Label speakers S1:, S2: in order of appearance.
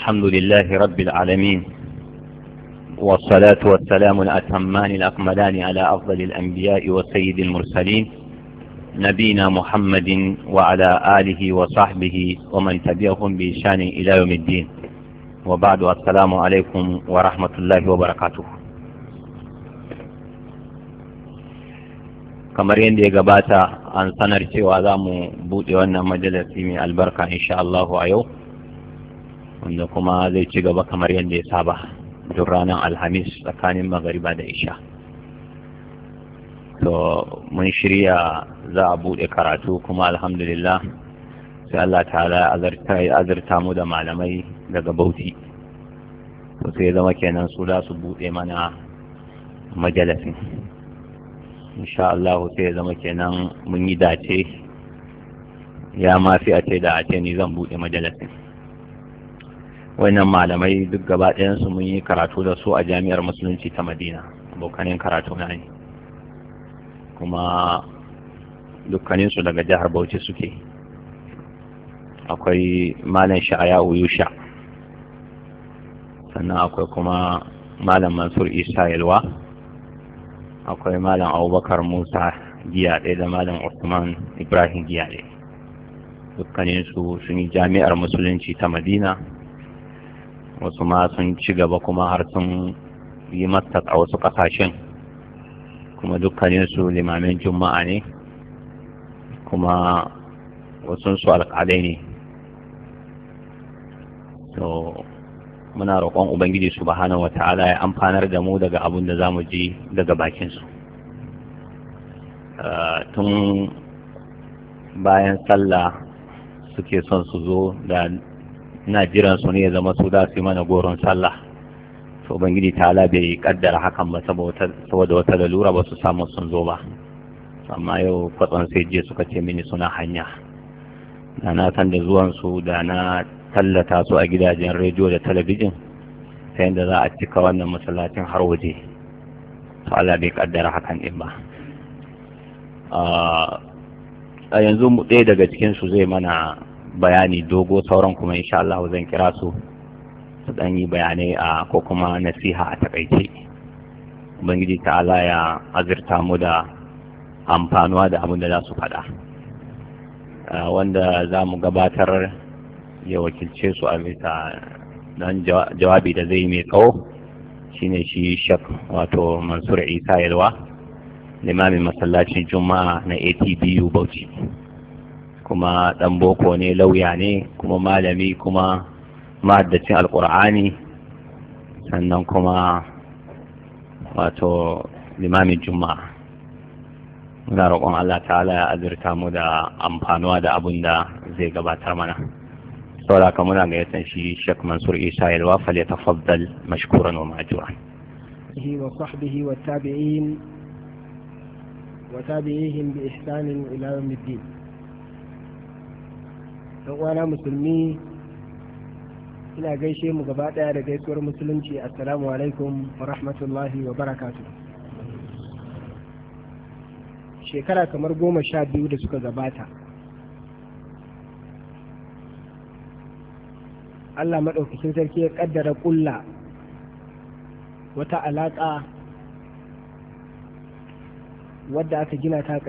S1: الحمد لله رب العالمين والصلاة والسلام الأتمان الأكملان على أفضل الأنبياء وسيد المرسلين نبينا محمد وعلى آله وصحبه ومن تبعهم بإشان إلى يوم الدين وبعد السلام عليكم ورحمة الله وبركاته kamar yadda ya gabata an sanar cewa za mu buɗe wannan majalisi mai albarka insha Allahu a yau wanda kuma zai ci gaba kamar yadda ya saba duk ranar alhamis tsakanin magariba da isha to mun shirya za a buɗe karatu kuma alhamdulillah sai Allah Ta ya azurta mu da malamai daga bauti to sai zama kenan su za su buɗe mana majalafin, insha Allah sai zama kenan mun yi dace ya ma a ce da a ce ni zan buɗe majalasin wannan malamai duk gaba ɗayansu mun yi karatu da su a jami'ar musulunci ta madina abokanin karatu na ne kuma dukkaninsu daga jihar bauchi suke akwai malam sha'aya uyusha sannan akwai kuma malam mansur isa yalwa akwai malam abubakar musa giya ɗaya da malam usman ibrahim giya ɗaya dukkaninsu sun yi jami'ar musulunci ta madina wasu ma sun ci gaba kuma har sun yi masa a wasu ƙasashen kuma dukkaninsu limamin juma'a ne kuma wasunsu alƙalai ne to muna roƙon ubangiji su wa ta'ala ya amfanar da mu daga abin da za mu ji daga bakinsu uh, tun bayan sallah suke son su zo da Ina jiran su ne ya zama su za su yi mana goron sallah to ubangiji ala bai kaddara hakan ba saboda wata lalura ba su samu sun zo ba amma yau kwatsan sai je suka ce mini suna hanya da na san da zuwan su da na tallata su a gidajen rediyo da talabijin ta yadda za a cika wannan masallacin har waje to Allah bai kaddara hakan din ba ah, a yanzu mu ɗaya daga cikin su zai mana bayani dogo sauran kuma insha Allah zan kira su su dan yi bayanai a ko kuma nasiha a takaice ubangiji ta'ala ya azirta mu da amfanuwa da abin da za su faɗa wanda za mu gabatar ya wakilce su a bisa dan jawabi da zai mai tsawo, shine shi shek wato mansur isa yalwa limamin masallacin juma'a na atbu bauchi kuma ɗan boko ne lauya ne kuma malami kuma ma'addacin alkur'ani sannan kuma wato limamin juma'a muna roƙon Allah ta'ala ya azurta mu da amfanuwa da abun da zai gabatar mana saboda ka muna gayyatan shi Sheikh Mansur Isa Yalwa fal tafaddal mashkuran wa ma'juran
S2: wa sahbihi wa tabi'in wa tabi'ihim bi ihsanin ila yawmiddin don uwana musulmi ina gaishe mu gaba ɗaya da gaisuwar musulunci assalamu alaikum wa rahmatullahi wa barakatu shekara kamar goma sha biyu da suka gabata Allah maɗaukacin sarki ya ƙaddara ƙulla wata alaƙa wadda aka gina ta